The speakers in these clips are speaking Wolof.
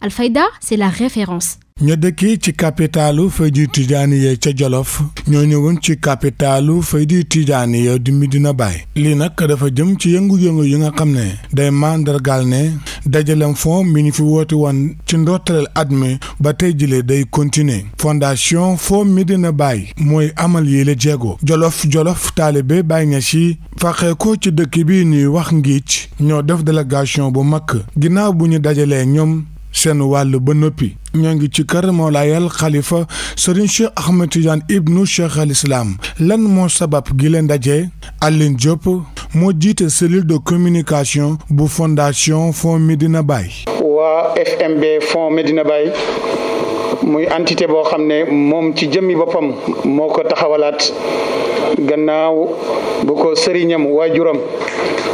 Al-Faïda, c'est la référence. ñu dëkk ci capitalu faydu ye ca Jolof ñoo ñëwoon ci capitalu faydu tijaaniya di Medina Bay. lii nag dafa jëm ci yëngu-yëngu yi nga xam ne day màndargaal ne dajalem fond mi ñu fi woote ci ba tay jile day continuer fondation fond Medina bay moy amal yi jego Jolof Jolof talibé Baye Ñas yi faxe ko ci dëkk bi ni wax ngiic ñoo def délégation bu mak ginaaw bu ñu ñom seen wàll ba noppi ñoo ngi ci kër Mawlaayal Khalifa Serigne Cheikh Ahmed Tidiane ibnu Cheikh al Islam lan moo sabab gi leen daje Aline Diop moo jiite cellule de communication bu fondation Fonds Medina Baye. waa FMB Fonds Medina Baye. muy entité boo xam ne moom ci jëmmi boppam moo ko taxawalaat gannaaw bu ko sëriñam waajuram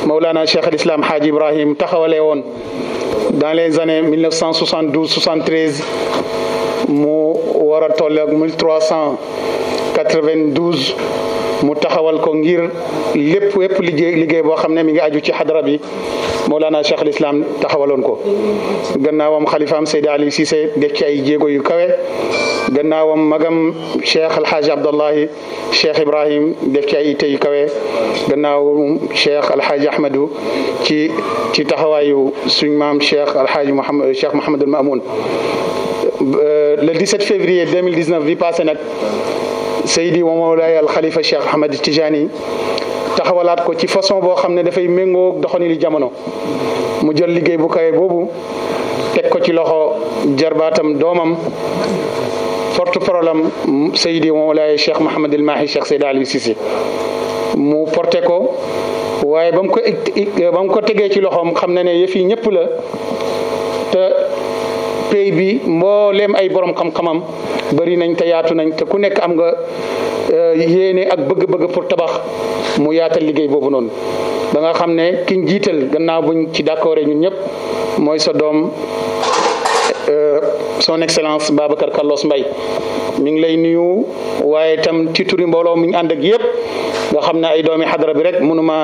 Mawlana Cheikh al Islam Ibrahim taxawalee woon dans les années 1972-73 mon 1392 mu taxawal ko ngir lépp wépp liggéey liggéey boo xam ne mi ngi aju ci xadara bi Mawlana Cheikh al Islam taxawaloon ko gannaawam xalifaam Seydi Ali Cissé def ci ay jéego yu kawe gannaawam magam Cheikh Alhaji Abdallahi Cheikh Ibrahim def ci ay itte yu kawe gannaawam Cheikh Alhaji Ahmadou ci ci taxawaayu suñ maam Cheikh Alhaji Mouhamed Cheikh Mouhamadul Mamoun le 17 février 2019 bi passé nag Seydi wa Mawlaaya al Khalifa Cheikh Ahmad taxawalaat ko ci façon boo xam ne dafay méngoo doxalinu jamono mu jël liggéey bu kawe boobu teg ko ci loxo jarbaatam doomam porte problème Seydi wa Mawlaaya Cheikh mu porté ko waaye ba mu ko ba mu ko tegee ci loxoom xam na ne yëf yi ñëpp la te tey bi mbooleem ay borom xam-xamam bari nañ te yaatu nañ te ku nekk am nga euh, yene ak bëgg-bëgg pour tabax mu yaatal liggéey boobu noonu ba nga xam ne kiñ jiital gannaaw buñ ci d'accordé ñun ñëpp mooy sa doom euh, son excellence Babacar Carlos mbay mi ngi lay nuyu waaye tam ci turi mbooloo mi ngi ànd ak yépp nga xam ne ay doomi xadara bi rek mënuma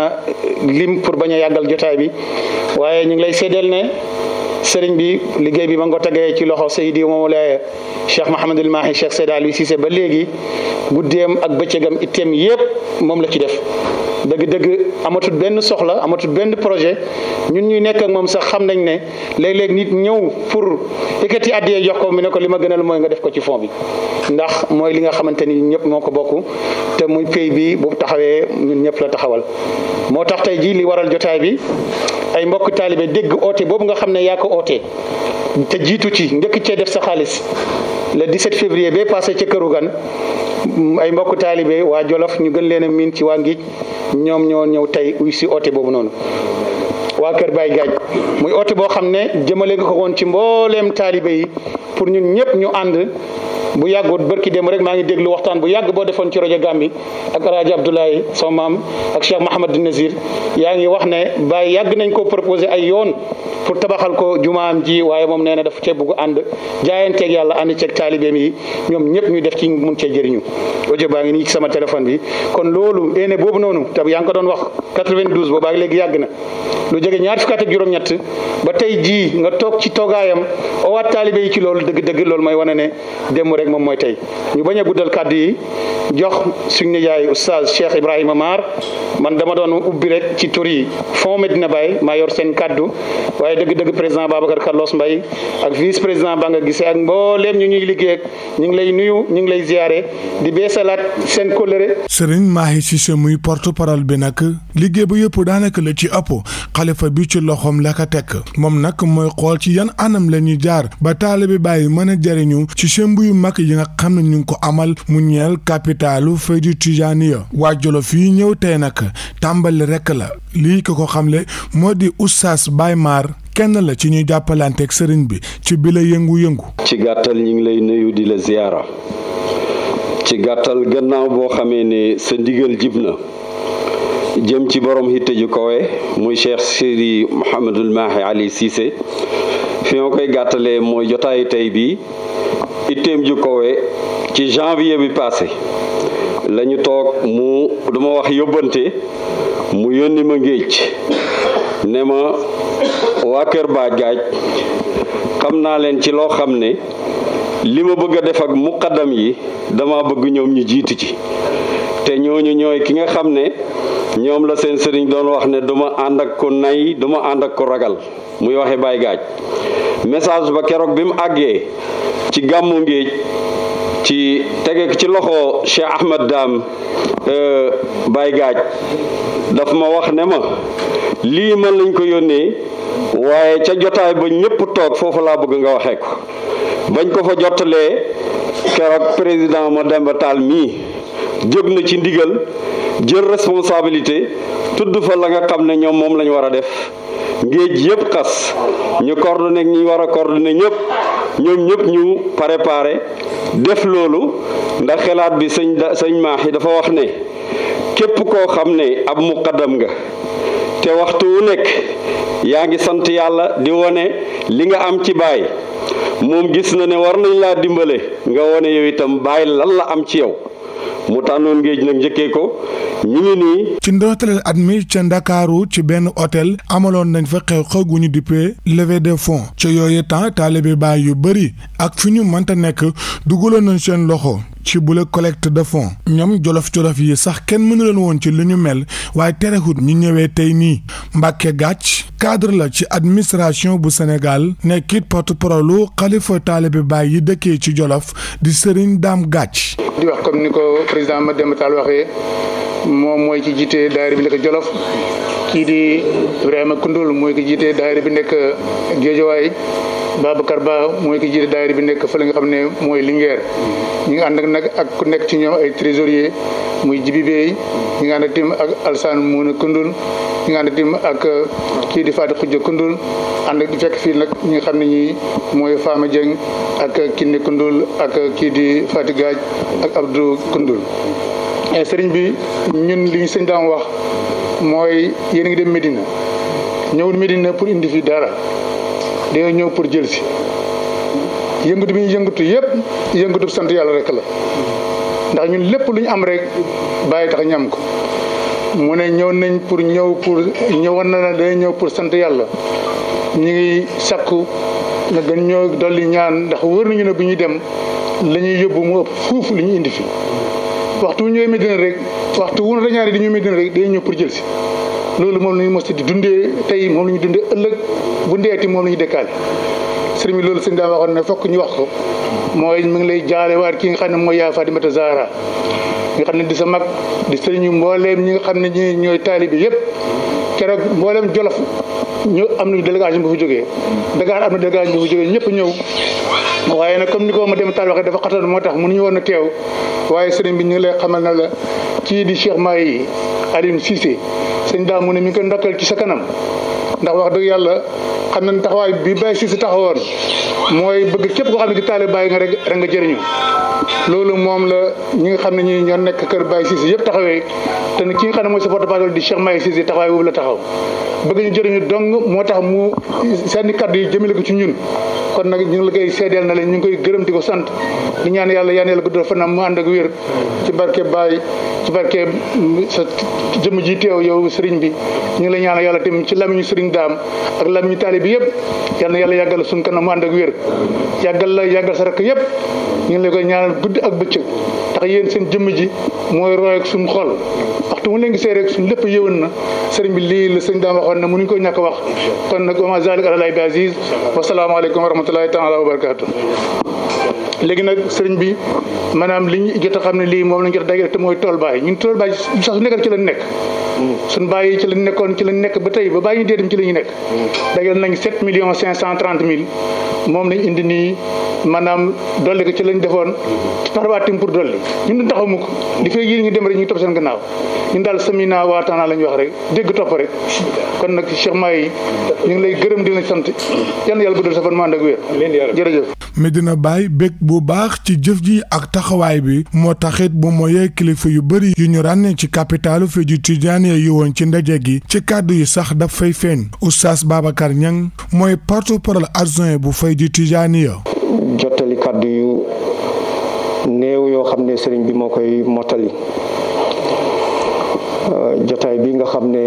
lim pour bañ a yàggal jotaay bi waaye ñu ngi lay séddeel ne sëriñ bi liggéey bi ma nga ko tegee ci loxo Seydi Mawlaaya Cheikh Mahamadul Mahi Cheikh Seydi Aliou Cissé ba léegi guddeem ak bëccëgam itteem yëpp moom la ci def dëgg-dëgg amatul benn soxla amatul benn projet ñun ñuy nekk moom sax xam nañ ne léeg-léeg nit ñëw pour yëkkati addiyee jox ko mu ne ko li ma gënal mooy nga def ko ci fond bi ndax mooy li nga xamante ni ñëpp moo ko bokk te muy pay bi bu taxawee ñun ñëpp la taxawal moo tax tey jii li waral jotaay bi ay mbokk taalibe dégg oote boobu nga xam ne yaa ko oote te jiitu ci njëkk cee def sa xaalis le 17 février bee passé ca këru gan ay mbokk taalibe waa Jolof ñu gën leen a miin ci waa Ngij ñoom ñoo ñëw tey uy si oote boobu noonu waa Kër Baye Gaaj muy oote boo xam ne jëmale nga ko woon ci mbooleem taalibe yi pour ñun ñëpp ñu ànd bu yàggoon bërki demb rek maa ngi déglu waxtaan bu yàgg boo defoon ci rajo Gàmbi ak Alaaji Abdoulaye sama maam ak Cheikh Mahamad Nazir yaa ngi wax ne Baye yàgg nañ ko proposé ay yoon pour tabaxal ko jumaam ji waaye moom nee na dafa cee bugg ànd jaayanteeg yàlla ànd ceeg taalibeem yi ñoom ñëpp ñu def ci mun cee jëriñu audio baa ngi nii ci sama téléphone bi kon loolu eene boobu noonu te yaa ngi ko doon wax 92 boobaa léegi yàgg na lu jege ñaar fukki at ba tey jii nga toog ci toogaayam owaat taalibe yi ci loolu dëgg-dëgg loolu mooy wane ne démb rek mom moy tay ñu baña guddal kaddu yi jox suñu yaay oustaz Cheikh Ibrahima Mar man dama doon ubbi rek ci tour yi fond Medina bay maa yor seen kàddu waaye deug dëgg Babacar Carlos mbay ak vice president banga gisse ak mbooleem ñu ñuy liggé ak ngi lay nuyu ñu ngi lay ziaré di beesalaat sen kóllëre. Serigne Mahi ce muy porte parole bi nak liggé bu yëpp daanaka la ci ëpp khalifa bi ci loxom la ka tek mom nak moy xol ci yan anam la ñuy jaar ba taalibe bay mëna jariñu ci sembu yu mag yi nga xam ne ñu ko amal mu capitalu Faydu Tijaaniya waa Jolof yi nag tàmbali rek la lii ko ko xamle moo di Oustaz Baye kenn la ci ñuy jàppalanteeg sëriñ bi ci bi yëngu-yëngu. ci gàttal ñu ngi lay nuyu di la ziyaara ci gàttal gannaaw boo xamee ne sa ndigal jib na jëm ci borom hitte ju kawe muy Cheikh Siri Mouhamadul Mahi Ali Cissé fi ma koy gàttalee mooy jotaayu tey bi itteem ju kowe ci janvier bi passé la ñu toog mu duma wax yóbbante mu yónni ma ngéej ne ma waa Kër Badiaj xam naa leen ci loo xam ne li ma bëgg a def ak muqaddam yi dama bëgg ñoom ñu jiitu ci te ñooñu ñooy ki nga xam ne ñoom la seen sëriñ doon wax ne duma ànd ak ko nay duma ànd ak ko ragal muy waxe bay Gaaj message ba keroog bi mu àggee ci gàmmu ngeej ci tege ci loxo Cheikh Ahmad Dam euh, Baay Gaaj daf ma wax ne ma lii man lañ ko yónnee waaye ca jotaay ba ñépp toog foofu laa bëgg nga waxe ko bañ ko fa jottalee keroog président Mademba Tall mii jóg na ci ndigal jël responsabilité tudd fa la nga xamne ñom mom lañ wara def ngeej yépp xass ñu coordonner ñi wara coordonner ñëpp ñom ñëpp ñu préparer def lolu ndax xelaat bi señ señ sëñ dafa wax ne képp ko xamne ab muqaddam nga te waxtu wu nek yaangi sant yalla di woné li nga am ci bay mom gis na ne war nañ la dimbalé nga woné yow itam bay lan la am ci yow mu tànnoon géej nag njëkkee ko ñu ngi nii. ci ndorteel at mi ca ndakaaru ci benn otel amaloon nañ fa xew xew gu ñu de levée des ca yooyu temps taalibe baay yu bëri ak fi ñu mënta nekk dugaloon nañ seen loxo. ci bule la collecte de fonds ñoom jolof-jolof yi sax kenn mënu leen woon ci lu ñu mel waaye terexut ñu ñëwee tey nii Mbàkke Gàcc cadre la ci administration bu Sénégal nekkit porte-parole lu xalifa taalibe Baay yi dëkkee ci jolof di Sëriñ Daam Gàcc di wax comme ni ko président Mademba Tall waxee moom mooy ci jiite daayira bi nekk Jolof kii di Ibrahima Koundoul mooy ki jiite daayira bi nekk Géejawaay Babacar Ba mooy ki jiite daayira bi nekk fële nga xam ne mooy lingeer ñu ngi ànd ak nag ak ku nekk ci ñoom ay trésorier muy Jibi Bey ñu ngi ànd ak ak Alsaan Muuna Kundul ñu ngi ànd ak ak uh, kii di Fatou Khoudia Kundul ànd ak di fekk fii nag ñi xam ne ñi mooy Fama Dieng ak Kine Kundul ak kii di Fatou Gaaj ak Abdou Kundul eh, sëriñ bi ñun li ñu sëñ daan wax mooy yéen a ngi dem Medina ñëwul Medina pour indi fi dara dañoo ñëw pour jël si yëngatu bi ñu yëngatu yëpp yëngatu sant yàlla rek la ndax ñun lépp lu ñu am rek bàyyi tax ñam ko mu ne ñëw nañ pour ñëw pour ñëwoon na ne day ñëw pour sant yàlla ñu ngi sakku nga gën ñoo yi ñaan ndax wër nañu ne bu ñuy dem la ñuy yóbbu mu ëpp fuuf li ñu indi fi waxtu wu ñëwee Medina rek waxtu wu ne ñaari di ñu Medina rek dañuy ñëw pour jël si. loolu moom la ñu mos di dundee tey moom la ñu dundee ëllëg bu ndeeti moom la ñu dëkkaale sëriñ bi loolu sëñ daa waxoon ne fokk ñu wax ko mooy mi ngi lay jaalewaat ki nga xam ne mooy yaa Fatimata Zahra nga xam ne di sa mag di ñu mbooleem ñi nga xam ne ñi ñooy taalibi yëpp keroog mbolam jolof ñu am na délégation bu fu joggé Dakar am délégation bu fu joggé ñepp ñew waaye nak comme niko ma dem tal waxee dafa xatoon moo tax mënuñu woon a teew waaye sëriñ bi ñu lay xamal na la kii di Cheikh Mahi Alioune Cissé sëñ da mu ne mi ko ndokkal ci sa kanam ndax wax dëgg yalla xam nañ taxawaay bi Baye ci taxawon moy bëgg képp ko xamni ne bay nga rek nga jëriñu lolu mom la ñi nga xamni ñi ñoo nekk kër Baye ci yépp taxawé te ki nga xam ne mooy porte parole di Cheikh Maye sisi taxaway wu la taxaw bëgg ñu jëriñu dong motax mu sen kaddu yi jëmele ko ci ñun kon nak ñu la koy sédel na leen ñu koy gërëm diko ko sant di ñaan yalla yaan yàlla guddal fanam mu and ak wër ci barké bay ci barké sa jëm ji teew yow sëriñ bi ñu la ñaan yalla tim ci lamiñu sëriñ daam ak lamiñu talib bi yëpp yalla na yàlla yàggal kanam mu and ak wër yagal la yagal sa rek yëpp ñu la koy ñaanal gudd ak bëcc tax yeen seen jëm ji moy roy ak suñu xol waxtu mu leen gisee rek suñu lépp yëwoon na sëriñ bi lii la sëriñ daam waxoon na mënuñu ko ñàkk wax kon nag wama zalik àlalay bi aziz wasalaamaaleykum wa rahmatulahi taala wa barakatu léegi nag sëriñ bi maanaam li ñu jot a xam ne lii moom lañ jot a dajale te mooy tool ñu ñun tool baay sax su nekkal ci lañ nekk suñ bàyyi ci lañ nekkoon ci lañ nekk ba tey ba bàyyi dee dem ci la ñu nekk dajal nañ sept millions cinq cent trente mille moom lañ indi nii maanaam dolli ko ci lañ defoon taxawaatim pour dolli ñun duñ taxaw mukk di fay ñu dem rek ñu topp seen gannaaw ñun daal samina waataanaa la ñu wax rek dégg topp rek kon nag Cheikh Mahi ñu lay gërëm di la yal na yàlla sa fan ak wér jërëjëf Medina Baye bég bu baax ci jëf ji ak taxawaay bi moo taxit bu mooyee ràññee ci ndaje gi ci kàddu yi sax daf fay feeñ oustaz Babacar mooy porte-parole adjoint bu fay di Tijaaniya jottali kàddu yu néew yoo xam ne sëriñ bi moo koy mottali euh, jotaay bi nga xam ne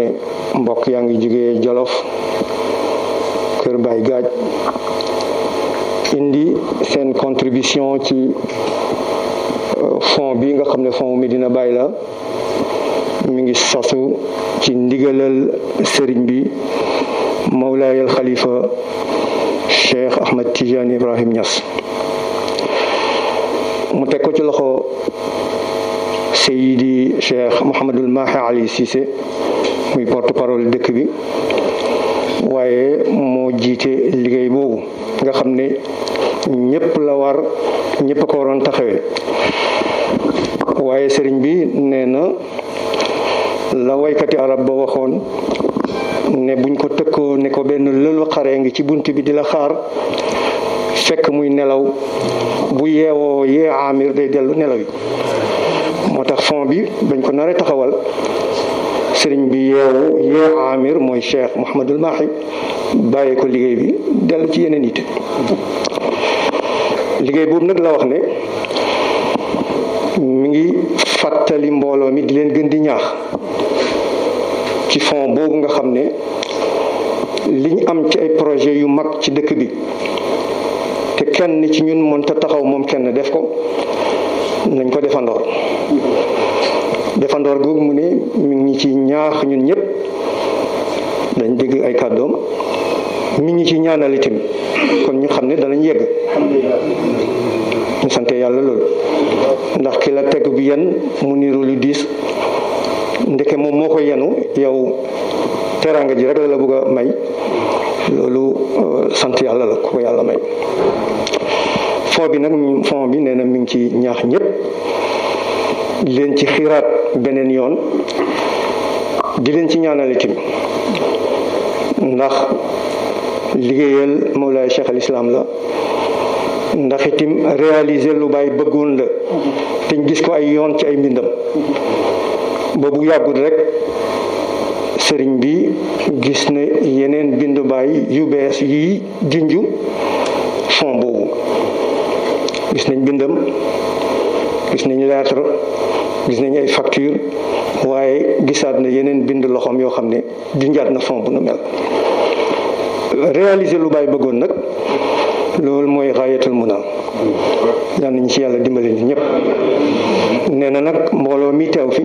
mbokk yaa ngi jóge Jolof Kër Baay Gaaj indi seen contribution ci euh, fon bi nga xam ne mi dina Baye la mu ngi sosu ci ndigalal sëriñ bi mawlaayal xalifa cheikh ahmad tijaani ibrahim ñas mu teg ci loxo seyidi cheikh mouhamadul mahi ali Cissé muy porte parole dëkk bi waaye moo jiite liggéey boobu nga xam ne ñëpp la war ñëpp a ko waroon taxawee waaye sëriñ bi nee la waykati arab ba waxoon ne buñ ko tëkkoo ne ko benn lëlu xare ngi ci bunt bi di la xaar fekk muy nelaw bu yeewoo yee amir day dellu nelaw yi moo tax fond bi bañ ko naree taxawal sëriñ bi yeewu yee amir mooy cheikh Mouhamadul Mahi bàyyi ko liggéey bi dellu ci yeneen it liggéey boobu nag la wax ne mi ngi fàttali mbooloo mi di leen gën di ñaax ci fond boobu nga xam ne li ñu am ci ay projet yu mag ci dëkk bi te kenn ci ñun mënta taxaw moom kenn def ko nañ ko defandoor defandoor googu mu ne mu ngi ci ñaax ñun ñëpp dañ dégg ay kàddoom mi ngi ci ñaanal kon ñu xam ne danañ yegg ñu sant yàlla ndax ki la teg bi yan mu niru lu diis ndeke moom moko yenu yow teranga ji rek la la bëgg a may loolu sant yàlla la ko bi bi na mi ngi ci ñaax ñëpp leen ci xiraat benen yoon di leen ci ñaanal tim ndax Cheikh al Islam la ndax itim réaliser lu bàyyi bëggoon la te ñu gis ko ay yoon ci ay mbindam boobu yàggul rek sëriñ bi gis na yeneen bindu baay yu bees yi junju fond boobu gis nañ bindam gis nañ lettre gis nañ ay facture waaye gisaat na yeneen bind loxoom yoo xam ne junjaat na fond bu nu mel réaliser lu baay bëggoon nag loolu mooy xaayatul munaam yal nañ ci yàlla dimbali ñu ñëpp nee na nag mbooloo mi teew fi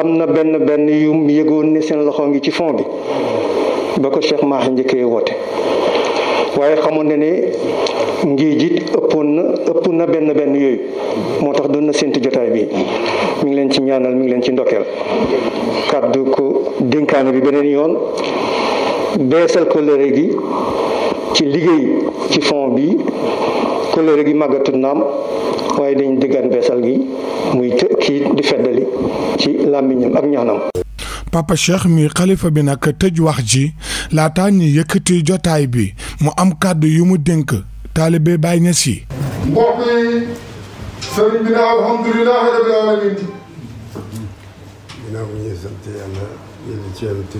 am na benn benn yu yëgoon ne seen loxoo ngi ci fond bi ba ko Cheikh Mahi njëkkee woote waaye xamoon na ne ngi jit ëppoon na ëpp na benn benn yooyu moo tax doon na séntu jotaay bi mu ngi leen ci ñaanal mi ngi leen ci ndokkeel kàddu ko dénkaane bi beneen yoon beesal ko gi ci liggéey ci fond bi coloré gi màggatut naam waaye dañ diggan beesal gi muy të kii di feddali ci làmmiñam ak ñaanam papa cheikh mi xalifa bi nag tëj wax ji laataa ñi yëkkati jotaay bi mu am kàddu yu mu dénk taalibe Baay Ñas yi jërëjëf ci yàlla tëj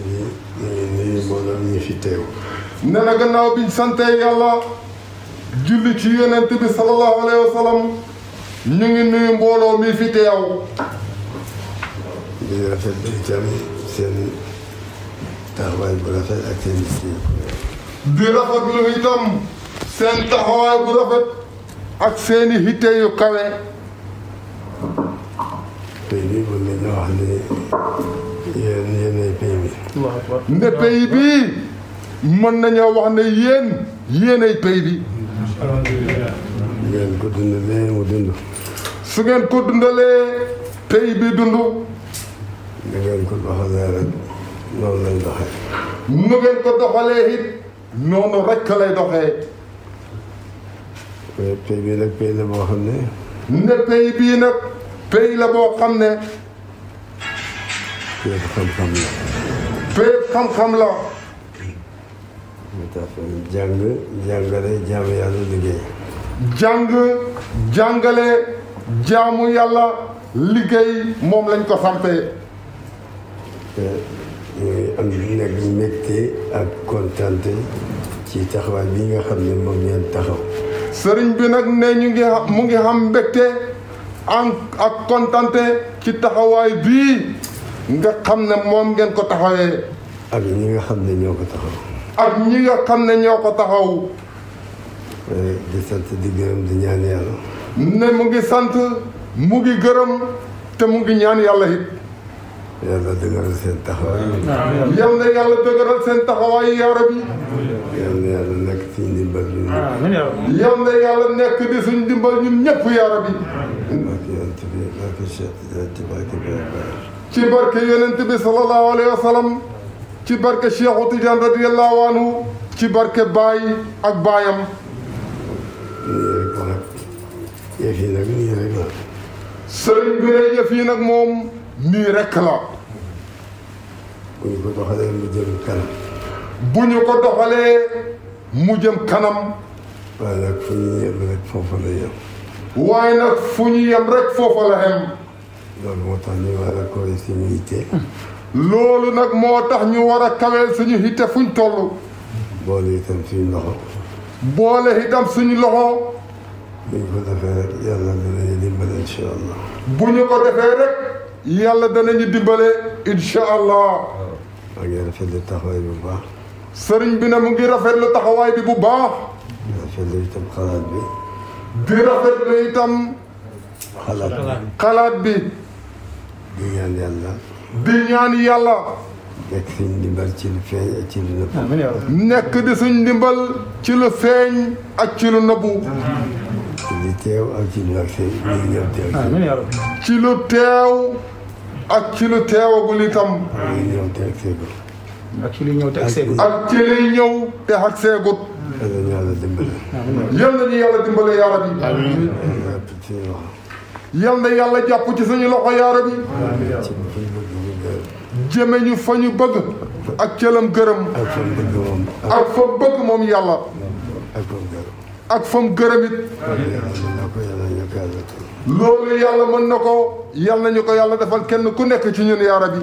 ñu ngi nuyu mbooloo ñu fi teew. nee na gannaaw biñ sante yàlla julli ci yonent bi sallallahu alayhi wa ñu ngi nuyu mbooloo mi fi teew. di rafetlu bu rafet ak seen taxawaay bu rafet ak seeni hitte yu kawe. tey lii mën nañoo wax ne. ne pays bii mën nañoo wax ne yéen yéenay pays bi. ngeen ko dundalee mu dund. su ngeen ko dundalee pays bi dund. ni ngeen ko rek noonu lay doxee. nu ngeen ko doxalee it noonu rek lay doxee. pays bii nag pays la boo xam ne. ne pays bii nag pays la boo xam ne. kër xam-xam la. fépp xam-xam la. mu tax jàng jàngale jaamu yàlla liggéey. jàng jàngale jaamu yàlla liggéey moom lañ ko sampee. muy am nag taxaw. sëriñ bi nag ne ñu ngi mu ngi xam mbégte ak kontante ci taxawaay bii. nga xam ne moom ngeen ko taxawee. ak ñi nga xam ne ñoo ko taxaw. ak ñi nga xam ne ñoo ko taxaw. di sant di gërëm di ñaan yàlla. ne mu ngi sant mu ngi gërëm te mu ngi ñaan yàlla it. yàlla dëgëral seen taxawaay. yal na yàlla dëgëral seen taxawaay yaa rabbi. yal na nekk ci di suñ ndimbal ñëpp yaa rabbi. ci barke yonent bi sallallahu alayhi wa sallam ci barke Cheikhu Tidiane radiyallahu anhu ci barke baay ak baayam. yëf yi nag nii rek la. sëriñ bi ne yëf yi nag moom nii rek ko doxalee mu jëm kanam. bu ñu ko doxalee mu jëm kanam. waaye nag fu ñu yem rek foofa la yem. waaye nag fu ñu yem rek foofa la yem. loolu moo tax ñu war a kawee suñu yitte. loolu nag moo tax ñu war a kawee suñu yitte fuñ toll. boole itam suñu loxo. boole itam suñu loxo. bu ñu ko defee rek yàlla danañu dimbale incha allah. bu ñu ko defee rek yàlla danañu dimbale incha allah. maa ngi rafetlu taxawaay bu baax. sëriñ bi ne mu ngi rafetlu taxawaay bi bu baax. di rafetlu itam xalaat bi. di rafetlu itam. xalaat bi xalaat bi. di ñaan yàlla. di ñaan yàlla. nekk suñ ndimbal ci lu feeñ ak ci lu nëbbu. nekk di suñ ndimbal ci lu feeñ ak ci lu nëbbu. ci lu teew a ci teew ak ci lu teewagul itam. ak te ak yal na yàlla jàpp ci suñu loxo yaara bi jëme ñu fa ñu bëgg ak cëlam gërëm ak fa bëgg moom yàlla ak fa mu gërëm it loolu yàlla mën na ko yal na ñu ko yàlla defal kenn ku nekk ci ñun yaara bi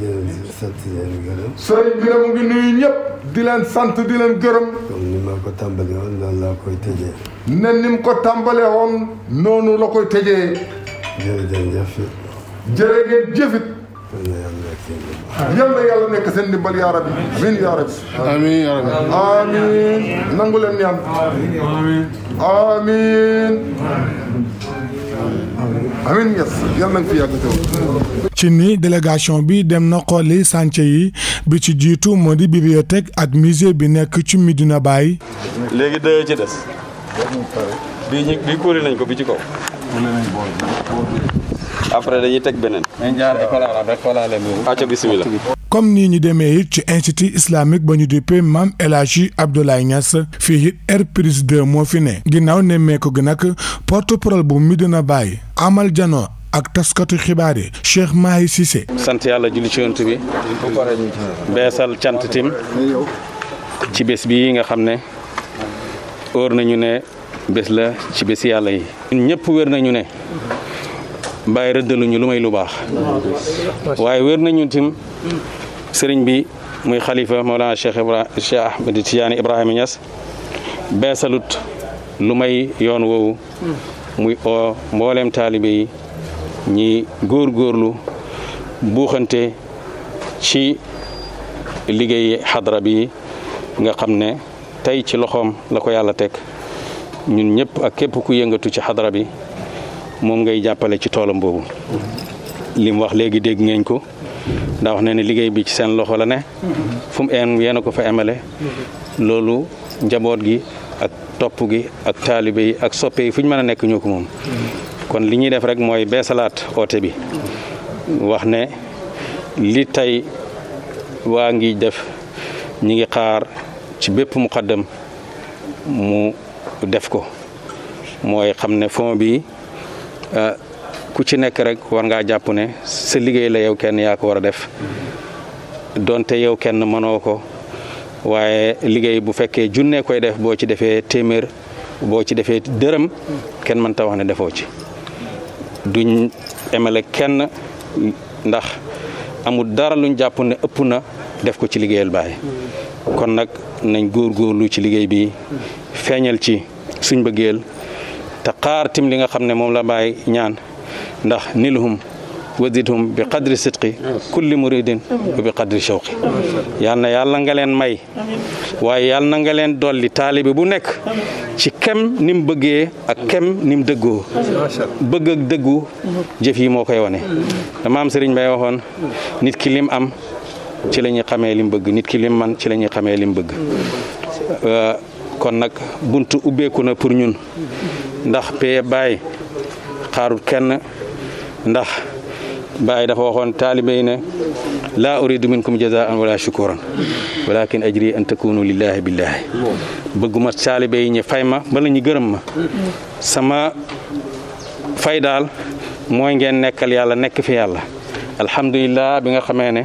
jërëjëf sant yéen gërëm. sëriñ bi nag mu ngi nuyu ñëpp di leen sant di leen gërëm. comme ni ma ko tàmbalee woon noonu laa koy tëjee. ne ni mu ko tàmbalee woon noonu la koy tëjee. jërëjëf. jërëjëf jëfit. yàlla yàlla nekk seen ndimbal yaa rabbi amiin yaa rabbi amiin yaa rabbi amiin nangu leen ñaan amiin amiin amiin yes ci ni délégation bi dem na xooli chantier yi bi ci jiitu moo di bibliothèque ak musée bi nekk ci dina bàyyi léegi dayoo ci des. bii nañ ko bi ci kaw. après dañuy teg beneen. bisimilah. comme nii ñu demee it ci institut islamique ba ñu duppee maam El Hadji Abdoulaye Niass fii it R plus 2 moo fi ne. ginnaaw nemmee ko gi nag porte parole bu Medina bàyyi amal janoo ak taskatu xibaar yi Cheikh Mahi Cissé. sant yàlla julli ci yonent bi. beesal cant ci bés bii nga xam ne óor nañu ne bés la ci bés yàlla yi. ñun ñëpp nañu ne. bàyyi rëddaluñu lu may lu baax waaye wér na ñun sëriñ bi muy xalifa Mawlana Cheikh Ibrahima Cheikh Ahmed Tidiane Ibrahima Niass beesalut lu may yoon woowu muy oo mbooleem taalibe yi ñi góorgóorlu buuxante ci liggéey xadra bi nga xam ne tey ci loxoom la ko yàlla teg ñu ñëpp ak képp ku yëngatu ci xadra bi moom ngay jàppale ci toolam boobu li wax léegi dégg ngeen ko daa wax ne ne liggéey bi ci seen loxo la ne fu mu een yéen a ko fa emale loolu njaboot gi ak topp gi ak taalibe yi ak soppe yi fu ñu mën a nekk ñoo ko moom kon li ñuy def rek mooy beesalaat oote bi wax ne li tey waa ngi def ñi ngi xaar ci bépp mu xaddam mu def ko mooy xam ne fond ku ci nekk rek war ngaa jàpp ne sa liggéey la yow kenn yaa ko war a def donte yow kenn mënoo ko waaye liggéey bu fekkee junne koy def boo ci defee téeméer boo ci defee dërëm kenn mën ta wax ne defoo ci duñ emale kenn ndax amul dara luñ jàpp ne ëpp na def ko ci liggéeyal baay kon nag nañ góorgóorlu ci liggéey bi feeñal ci suñ bëggeel ta xaar tim li nga xam ne moom la bàyyi ñaan ndax nilhum wazidhum bi qadri sidqi kulli muridin wa bi qadri shawqi yal na yàlla nga leen may waaye yal na nga leen dolli taalibi bu nekk ci kem ni mu bëggee ak kem ni mu dëggoo bëgg ak dëggu jëf yi moo koy wane dama am sëriñ bay waxoon nit ki lim am ci la ñuy xamee lim bëgg nit ki lim man ci la ñuy xamee lim bëgg euh, kon nag buntu ubbeeku na pour ñun ndax pee baay xaarut kenn ndax baay dafa waxoon taalibe yi ne laa uridu minkum jazaan wala shukuran walakin ajri an takunu lillahi billahi bëgguma taalibe yi ñu fay ma bala ñu gërëm ma sama fay daal mooy ngeen nekkal yàlla nekk fi yàlla alhamdulilah bi nga xamee ne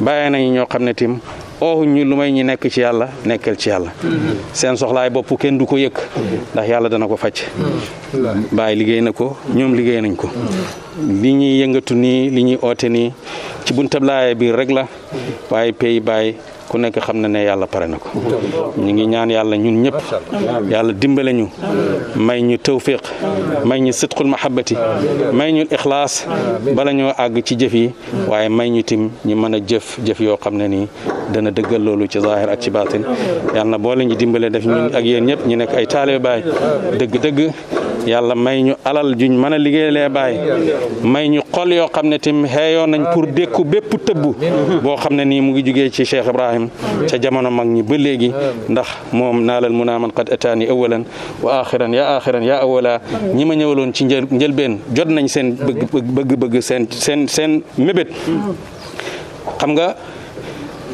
bàyyi nañu ñoo xam ne tim ooxuñ ñu lu may ñi nekk ci yàlla nekkal ci yàlla seen soxlaay bopp kenn du ko yëkk ndax yàlla dana ko faj bàyyi liggéey na ko ñoom liggéey nañ ko li ñuy yëngatu nii li ñuy oote nii ci buntab laaya bi rek la waaye pay bàyyi ku nekk xam na ne yàlla pare na ko ñu ngi ñaan yàlla ñun ñëpp yàlla dimbale ñu may ñu tawfiq may ñu sidqul mahabbati may ñu ixlaas bala ñoo àgg ci jëf yi waaye may ñu tim ñu mën a jëf jëf yoo xam ne nii dana dëggal loolu ci zahir ak ci baatin yàlla boole ñu dimbale def ñu ak yéen ñëpp ñu nekk ay taalibe baay dëgg-dëgg yàlla may ñu alal juñ mën a liggéeyalee baay may ñu xol yoo xam ne tim xeeyoon nañ pour dékku bépp tëbb boo xam ne nii mu ngi jugee ci Cheikh Ibrahim ca jamono mag ñi ba léegi ndax moom naalal mu naa man qad ataani awalan wa axiran ya axiran ya awala ñi ma ñëwaloon ci njëlbeen jot nañ seen bëgg bëgg seen seen seen mébét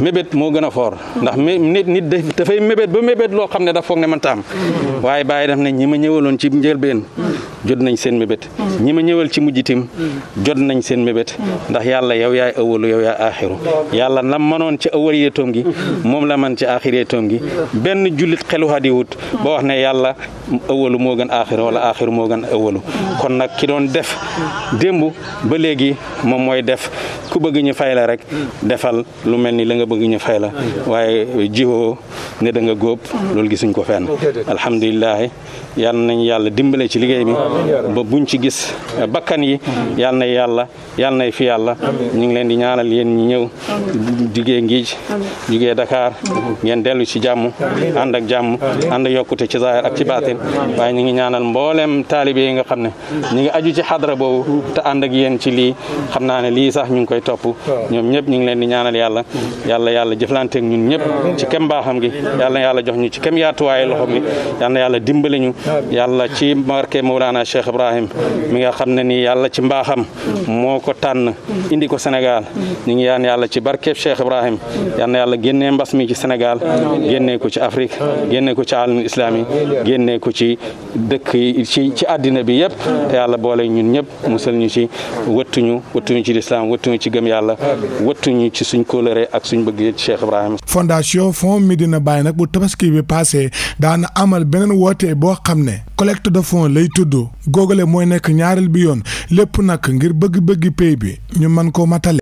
mébét moo gën a foor ndax nit nit dafay mébét ba mébét loo xam ne daf foog ne man taam waaye bàyyi daf ne ñi ma ñëwaloon ci njëlbeen jot nañ seen mébét ñi ma ñëwal ci mujjitim jot nañ seen mébét ndax yàlla yow yaay awalu yow yaay aaxiru yàlla la manoon ci awal yeetoom gi moom la man ci aaxir yeetoom gi benn jullit xelu hadiwut boo wax ne yàlla awalu moo gën aaxiru wala aaxiru moo gën awalu kon nag ki doon def démb ba léegi moom mooy def ku bëgg ñu rek defal lu mel nga bëgg ñu fay la waye jiho ne da nga lool gi suñ ko fenn alhamdullilah yal nañ yalla dimbalé ci liggéey bi ba buñ ci gis bakkan yi yal na yalla yal na fi yalla ñu ngi leen di ñaanal yeen ñi ñëw jugee ngiij jamu, Dakar ngeen delu ci jamm and ak jamm tali ak ci zahir ak ci batin waaye ñu ngi ñaanal mboolem taalibe yi nga xamné ñi ngi aju ci hadra boobu ta and ak yeen ci li xamna né li sax ñu ngi koy top ñom ñu ngi leen di ñaanal yalla yàlla yàlla jëflanteeg ñun ñëpp ci kem mbaaxam gi yàlla yàlla jox ñu ci kem yaatuwaay loxo mi yàlla yàlla dimbali ñu yàlla ci barke Mawlana Cheikh Ibrahim mi nga xam ne nii yàlla ci mbaaxam moo ko tànn indi ko Sénégal ñu ngi yaan yàlla ci barkeeb Cheikh Ibrahim yal na yàlla génnee mbas mi ci Sénégal génnee ko ci Afrique génnee ko ci alam islami génnee ko ci dëkk yi ci ci àddina bi yëpp te yàlla boole ñun ñëpp musal ñu ci wëttuñu wëttuñu ci lislaam wëttuñu ci gëm yàlla wëttuñu ci suñ kóolëre ak suñ lañ bëgg yëg Cheikh Ibrahima. fondation Fonds Médina Baye nag bu tabaski bi paasee daana amal beneen woote boo xam ne collecte de lay tudd googale mooy nekk ñaareel bi yoon lépp nag ngir bëgg-bëggi pay bi ñu mën matale.